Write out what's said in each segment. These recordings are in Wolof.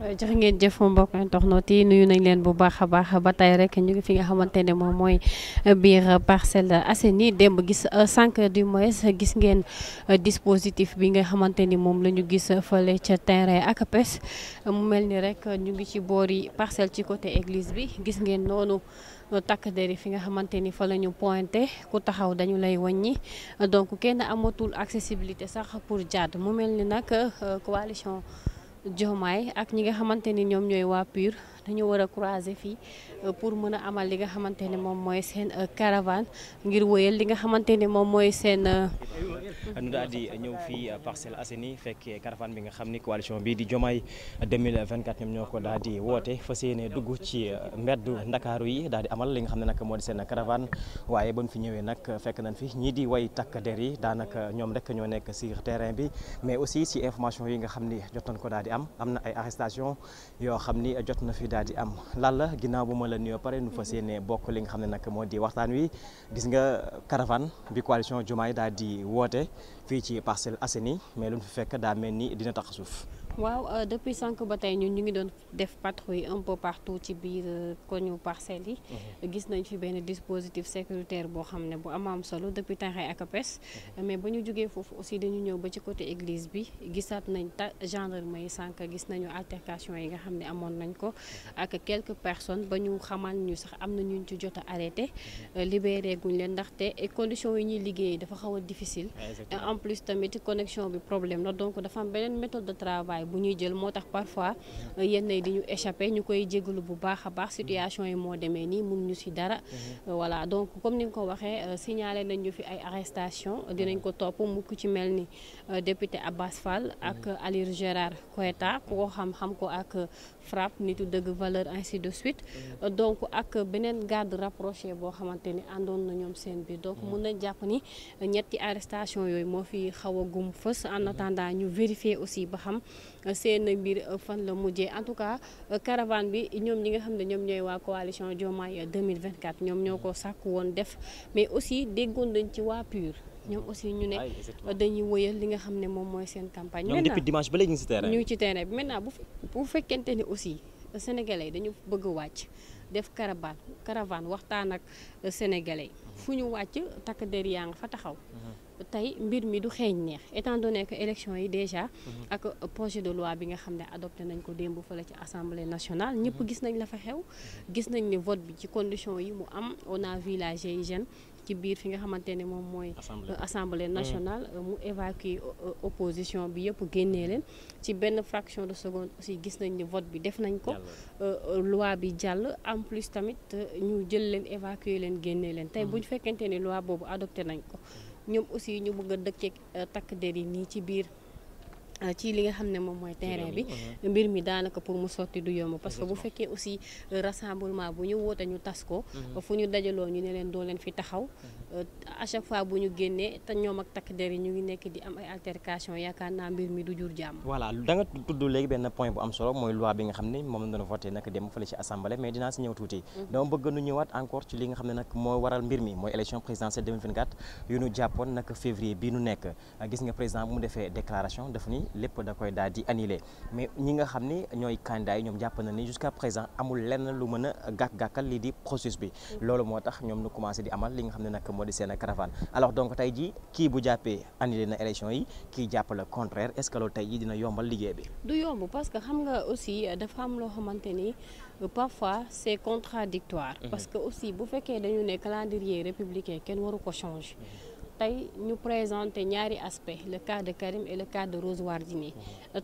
Euh, jërë ngeen jëf mbokk internautes yi nuyu nañ leen bu baax a baax ba tey rek ñu ngi fi nga xamante ne moom mooy biir Parcelles Assainies démb gis sànq euh, du moins gis ngeen euh, dispositif bi nga xamante ni moom la ñu gis fële ca terrain ak pes mu mel ni rek ñu ngi ci boori parcelle ci côté église bi gis ngeen noonu takk der yi fi nga xamante ni fa la ñu pointé ku taxaw dañu lay wàññi donc kenn amatul accessibilité sax pour jàdd mu mel ni nag coalition. jomaay ak ñi nga xamante ni ñoom ñooy waa PUR dañu war a croiser euh, pour mën a amal li nga xamante ne moom mooy seen euh, caravane ngir wëyal li nga xamante ne moom mooy seen. Euh, ñu di ñëw fii Parcelles Assainies fekkee caravane bi nga xam ni coalition bi di Diomaye 2024 ñoom ñoo ko daal di woote fas yéene dugg ci mbeddu Ndakaaru yi daal di amal li nga xam ne nag moo di seen caravane waaye ba mu fi ñëwee nag fekk nañ fi ñii di woy takk der yi daanaka ñoom rek ñoo nekk si terrain bi mais aussi si information yi nga xam ni jot ko daal di xam ni jot na fi daal daal di am lan la ginnaaw bu ma la nuyoo pare nu fas yéene bokk li nga xam ne nag moo di waxtaan wi gis nga caravane bi coalition Diomaye daal di woote fii ci Parcelles Assainies mais lu mu fi fekk daa mel ni dina tax suuf waaw euh, depuis sànq ba tey ñun ñu ngi doon def patrouille un peu partout ci biir euh, koñu parcelles yi. Mhm. gis nañ fi benn dispositif sécuritaire boo xam ne bu am am solo depuis terrain ak APES. Mhm. mais ba ñu jógee foofu aussi dañu ñëw ba ci côté église bi gisaat nañ ta yi sànq gis nañu altercation yi nga xam ne amoon nañ ko mhm. ak quelques personne ba ñu xamal ñu sax am na ñu ci jot a arrêté euh, guñ leen ndaxte condition yi ñuy liggéey dafa xaw a difficile. en plus tamit connexion bi problème la donc dafa am beneen méthode bu ñuy jël moo tax parfois euh, yenn yi di ñu échappé ñu koy jégalu bu baax a baax situation yi moo demee nii mun ñu si dara mhm. euh, voilà donc comme ni nga ko waxee euh, signalé nañ ñu fi ay arrestation mhm. dinañ ko topp mukk ci mel ni député Abbas Fall ak mhm. Alir Gérard Koeta ku ko xam-xam ko ak FRAPP nitu dëgg valeur ainsi de suite donc ak beneen garde rapproché boo xamante ni àndoon na ñoom seen bi donc mën nañ jàpp ni ñetti arrestation yooyu moo fi xaw a gum fës en attendant ñu vérifier aussi ba xam seen mbir fan la mujjee en tout cas caravane bi ñoom ñi nga xam ne ñoom ñooy waa coalition Diomaye 2024 ñoom ñoo ko sàkk woon def mais aussi déggoon nañ ci waa PUR ñoom aussi ñu ne dañuy wëyal li nga xam ne moom mooy seen campagne. ñoom depuis dimanche ba léegi ñu ci terrain bi ñu ngi ci bu fekkente ni aussi sénégalais yi dañu bëgg a wàcc def caravane caravane waxtaan ak sénégalais mhm. fu ñu wàcc takk der yaa nga fa taxaw. Mhm. tey mbir mi du xeeñ neex étant donné que élection yi déjà. Mhm. ak projet de loi bi nga xam ne adopté nañ ko démb fële ci assemblée nationale. ñëpp mhm. gis nañ la fa xew. Mhm. gis nañ ne vote bi ci condition yi mu am on a vu la fi nga xamante ne moom mooy. assemblée nationale euh, mu évacuer euh, opposition bi yëpp génnee leen ci benn fraction de seconde aussi gis nañ ne vote bi def nañ ko. Euh, loi bi jàll en plus tamit ñu jël leen évacuer leen génnee leen. tey bu ñu fekkente ne loi boobu adopté nañ ko. ñoom aussi ñu bëgg a dëkkeek euh, takk der yi nii ci biir Euh, ci li nga xam ne moom mooy terrain bi mbir mi daanaka pour mu sotti du yomb parce que bu fekkee aussi euh, rassemblement bu ñu woote ñu tas ko mhm. fu ñu dajaloo ñu ne leen doo leen fi taxaw mhm. euh, à bu ñu génnee te ñoom ak takk der ñu ngi nekk di am ay altercation yaakaar naa mbir mi du jur jàmm voilà da nga tudd léegi benn point bu am solo mooy loi bi nga xam ne moom la doon voté nag dem fële ci assemblée mais dinaa si ñëw tuuti mhm. dama bëgg nu ñëwaat encore ci li nga xam ne nag moo waral mbir mi mooy élection présidentielle 2024 yu ñu jàppoon nag février bii nu nekk gis nga mu defee déclaration daf ni lépp da koy daal di annulé mais ñi nga xam ni ñooy candidats yi ñoom jàpp na ni jusqu'à présent amul lenn lu mën a gàkk-gàkkal lii di processus bi mm-hmm. loolu moo tax ñoom ñu commencé di amal li nga xam ne nag moo di seen caravane alors donc tey jii kii bu jàppee annulé na élection yi kii jàpp le contraire est-ce que loolu tey jii dina yombal liggéey bi du yomb parce que xam nga aussi dafa am loo xamante ni parfois c'est contradictoire mm-hmm. parce que aussi bu fekkee dañu ne calendrier républicain kenn waru ko changer mm-hmm. tey ñu présenter ñaari aspect le cas de Karim et le cas de Rose Wardini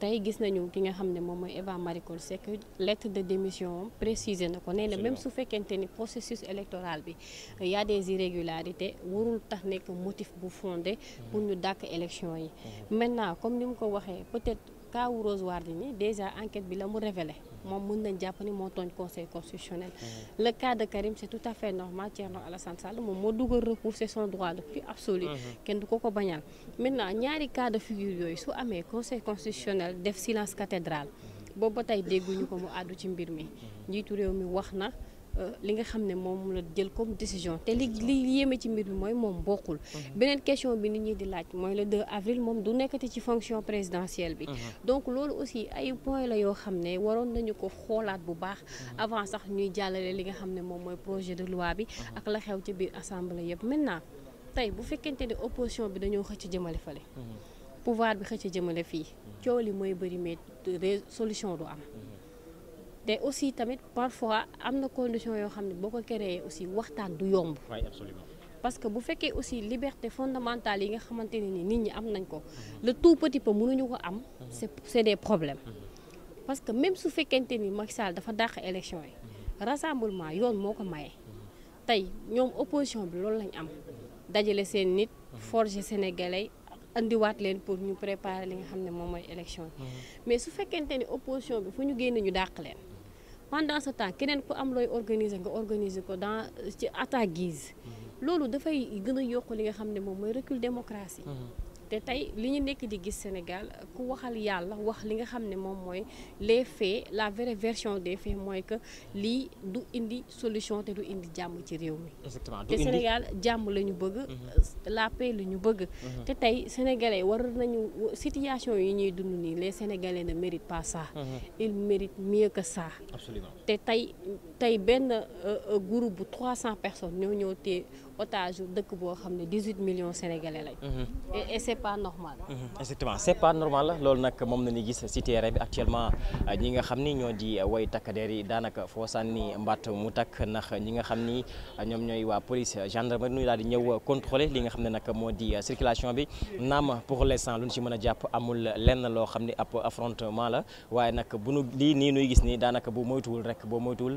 tey gis nañu ki nga xam ne moom mooy Eva Marie Coll Seck lettre de démission préciser na ko nee na même su fekkente ni processus électoral bi y a des irrégularités warul tax nekk motif bu fonde pour mmh. ñu dàkk élection yi mmh. maintenant comme ni mu ko waxee peut-être kaawu Rose Wardini déjà enquête bi la mu révélé moom mën nañ jàpp ni moo tooñ conseil constitutionnel mm-hmm. le cas de Karim c'est tout à fait normal Thierno Alassane Sall moom moo dugal recours c'est son droit le plus absolu mm-hmm. kenn du ko ko bañal maintenant ñaari cas de figure yooyu su amee conseil constitutionnel def silence cathédrale mm-hmm. boobu ba tey ñu ko mu àddu ci mbir mi njiitu réew mi wax na li nga xam ne moom la jël comme décision te li li yéeme ci mbir bi mooy moom bokkul. Mhm. beneen question bi nit ñi di laaj mooy le 2 avril moom du nekkati ci fonction présidentielle bi. Mhm. donc loolu aussi ay point la yoo xam ne waroon nañu ko xoolaat bu baax. Mhm. avant sax ñuy jàllale li nga xam ne moom mooy projet de loi bi. ak la xew ci biir assemblée yëpp maintenant tey bu fekkente ne opposition bi dañoo xëcc jëmale fale pouvoir bi xëcc jëmale fii coow li mooy bëri solution du am. te aussi tamit parfois am na condition yoo xam ne boo ko créé aussi waxtaan du yomb parce que bu fekkee aussi liberté fondamentale yi nga xamante ne ni nit ñi am nañ ko le tout petit peu mënuñu ko am c'est c'est des problèmes parce que même su fekkente ni Macky Sall dafa dàq élection yi rassemblement yoon moo ko maye tey ñoom opposition bi loolu lañ am dajale seen nit forger sénégalais andiwaat leen pour ñu préparer li nga xam ne moom mooy élection yi mm-hmm. mais su fekkente ni opposition bi fu ñu génn ñu dàq leen pendant ce temps keneen ku am looy organiser nga organiser ko dans ci attaque guise mm-hmm. loolu dafay gën a yokk li nga xam ne moom mooy recul démocratie mm-hmm. te tey li ñu nekk di gis Sénégal ku waxal yàlla wax li nga xam ne moom mooy les faits la vraie version des faits mooy que lii du indi solution te du indi jàmm ci réew mi. te Sénégal jàmm la ñu bëgg. Mhm. la paix la ñu bëgg. Mhm. te tey sénégalais war nañu situation yi ñuy dund nii les sénégalais ne méritent pas ça. Mhm. ils méritent mieux que ça. te tey. tey benn euh, euh, groupe bu 300 personnes ñoo ñëw téye otage dëkk boo xam ne 18 millions sénégalais lañ. Mhm. et c' est pas normal. Mhm, exactement c' est pas loolu nag moom la ñuy gis si terrain bi actuellement ñi nga xam ni ñoo di way takkadeer yi daanaka foo sànni mbatt mu takk ndax ñi nga xam ni ñoom ñooy waa police gendarmerie ñu daal di ñëw contrôler li nga xam ne nag moo di circulation bi naam pour l' lu ñu si mën a jàpp amul lenn loo xam ni ab affrontement la waaye nag bu nu lii nii nuy gis nii daanaka bu moytuwul rek boo moytuwul.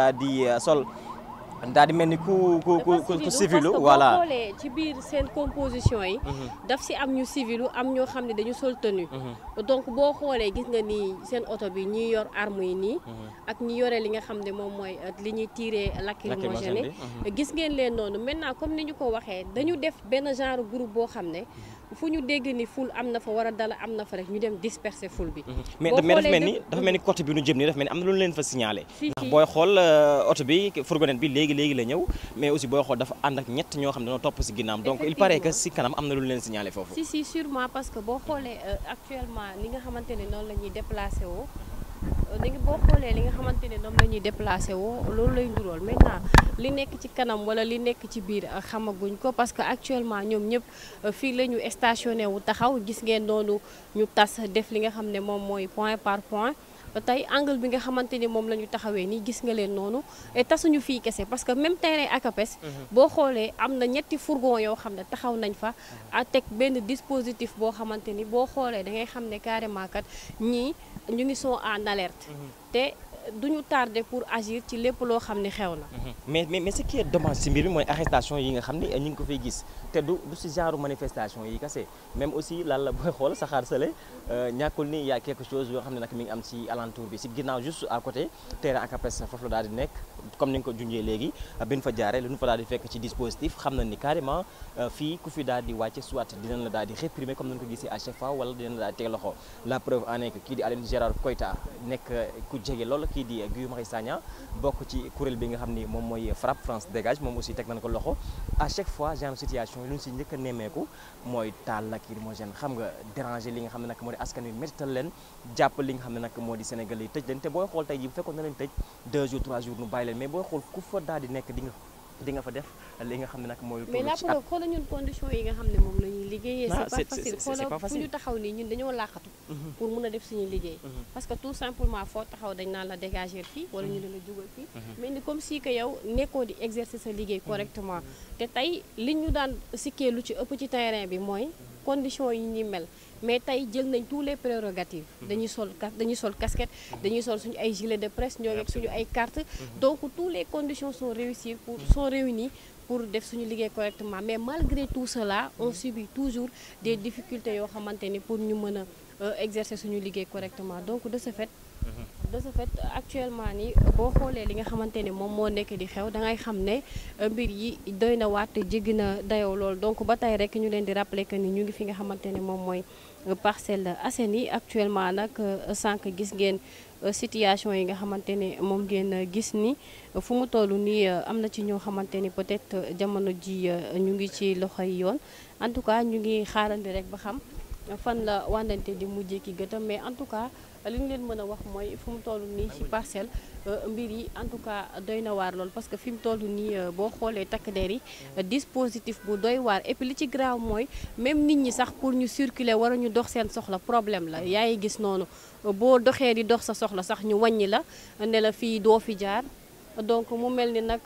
daal di eh, sol daal di mel ni ku ku ku civilu voilà xoolee ci biir seen composition yi mhm. daf si am ñu civilu am ñoo xam ne dañu sol tenue mhm. donc boo xoolee gis nga ni seen oto bi ñi yor arme yi nii mhm. ak ñi yore li nga xam ne moom mooy euh, li ñuy tiré lacrymogène gis ngeen leen noonu maintenant comme ni ñu ko waxee dañu def benn genre groupe boo xam ne fu ñu dégg ni ful am na fa war a dala am na fa rek ñu dem disperser ful bi mais dafa mel ni dafa mel ni côté bi ñu jëm nii dafa mel ni léegi léegi la ñëw mais aussi booy xool dafa ànd ak ñett ñoo xam ne dañoo topp si ginnaam donc il paraît que si kanam am na lu leen signalé foofu. si si sûrement parce que boo xoolee euh, actuellement euh, li nga xamante ne noonu la ñuy déplacé woo léegi boo xoolee li ne noonu la ñuy déplacé woo loolu lay ndurool li nekk ci kanam wala li nekk ci biir euh, xamaguñ ko parce que actuellement ñoom ñëpp fii la ñu stationné wu taxaw gis ngeen noonu ñu tas def li nga xam ne moom mooy point par point. tey angle bi nga xamante ni moom la ñu taxawee nii gis nga leen noonu et tasuñu fii kese parce que même terrain ACAPES mhm. boo xoolee am na ñetti fourgon yoo xam ne taxaw nañ fa mhm. a teg benn dispositif boo xamante ni boo xoolee da ngay xam ne carrément kat ñii ñu ngi son en alerte mhm. duñu tardé pour agir ci lépp loo xam ne xew na. Mhm. mais mais mais ce qui est dommage si mbir mooy arrestation yi nga xam ni ñu ngi ko fay gis te du du si genre manifestation yi kese même aussi lan la booy xool saxaar sale euh, ñàkkul ni y' a quelque xam ne nag mi ngi am si alentour bi si ginnaaw juste à côté terrain ACAPES nekk ko junjee léegi bin fa jaaree lu ñu di fekk ci euh, ku en est que kii di Aline Gérard Koita nekk euh, jege loolu kii di Guy Marius Sagna bokk ci kuréel bi nga xam ni moom mooy FRAPP France dégage moom aussi teg nañ ko loxo à chaque fois genre situation lu ñu si njëkk a nemmeeku mooy taal lacrymogène xam nga déranger li nga xam ne nag moo di askan wi méttital leen jàpp li nga xam ne nag moo di Sénégal yi tëj leen te booy xool tey ji bu fekkoon na leen tëj 2 jours 3 jours nu bàyyi leen mais booy xool ku fa daal di nekk di di nga fa def li nga xam ne nag mooy. mais la preuve xoolal ñun conditions yi nga xam ne moom la ñuy liggéeyee. Ah, c'est pas facile xoolal ñu taxaw nii ñun dañoo laaxatu. Mhm. pour mun a def suñu liggéey. Mhm. parce que tout simplement foo taxaw dañ naan la dégager fii wala ñu dina jugal fii. Mhm. mais ni comme si que yow nekkoo di exercer sa liggéey correctement. te tey li ñu daan sikkee lu ci ëpp ci terrain bi mooy. conditions yi ñuy mel. mais tey jël nañ tous les prérogatives mhm. dañuy sol dañuy sol casquette mhm. dañuy sol suñu ay gilet de presse ñoo ngi suñu ay carte mhm. donc toutes les conditions sont réussies pour sont réuni pour def suñu liggéey correctement mais malgré tout cela on subit toujours des difficultés yoo xamante ni pour ñu mën a euh, exercer suñu liggéey correctement donc de ce fait de ce actuellement ni boo xoolee li nga xamante ni moom moo nekk di xew da ngay xam ne euh, mbir yi doy na waat jéggi na dayoo lool donc ba tey rek ñu leen di rappeler que ni ñu ngi fi nga xamante ni moom mooy euh, Parcelles Assainies actuellement nag euh, sànq gis ngeen situation yi nga xamante ne moom ngeen gis ni fu mu toll nii am na ci ñoo xamante ni peut-être jamono ji ñu ngi ci loxo yi yoon en tout cas ñu ngi xaarandi rek ba xam. fan la wàndante di mujjee ki gëtam mais en tout cas li ñu leen mën a wax mooy fu mu toll nii ci parcelle euh, mbir yi en tout cas doy na waar lool parce que fi mu toll nii euh, boo xoolee takk der yi euh, dispositif bu doy waar et li ci graaw mooy même nit ñi sax pour ñu circuler war ñu dox seen soxla problème la yaa ngi gis noonu boo doxee di dox sa soxla sax ñu wàññi la ne la fii doo fi jaar donc mu mel ni nag.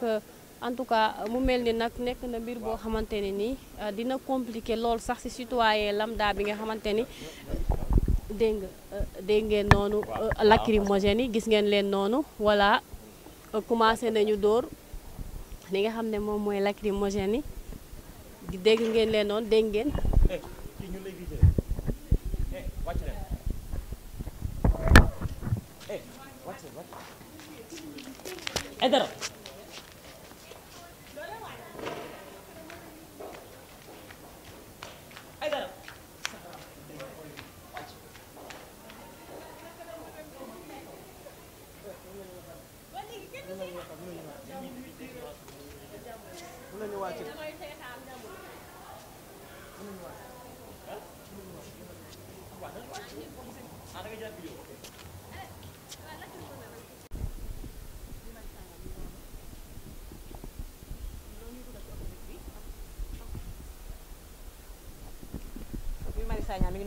en tout cas mu mel ni nag nekk na mbir boo xamante ne nii euh, dina compliqué lool sax ci citoyen lambda bi nga xamante ni dégg nga euh, dégg ngeen noonu euh, lacrymogène yi gis ngeen leen noonu voilà commencé nañu dóor li nga xam ne moom mooy lacrymogène yi dégg ngeen leen noonu dégg ngeen eh, Saña bi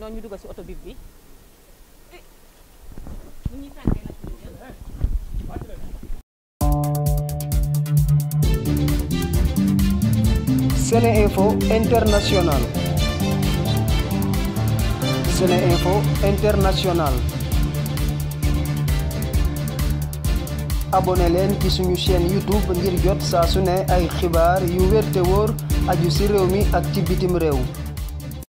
Sene Info International SeneInfo International abonné leen ci sunu chaîne YouTube ngir jot saa su ne ay xibaar yu wér te wóor aju ci réew mi ak ci bitim réew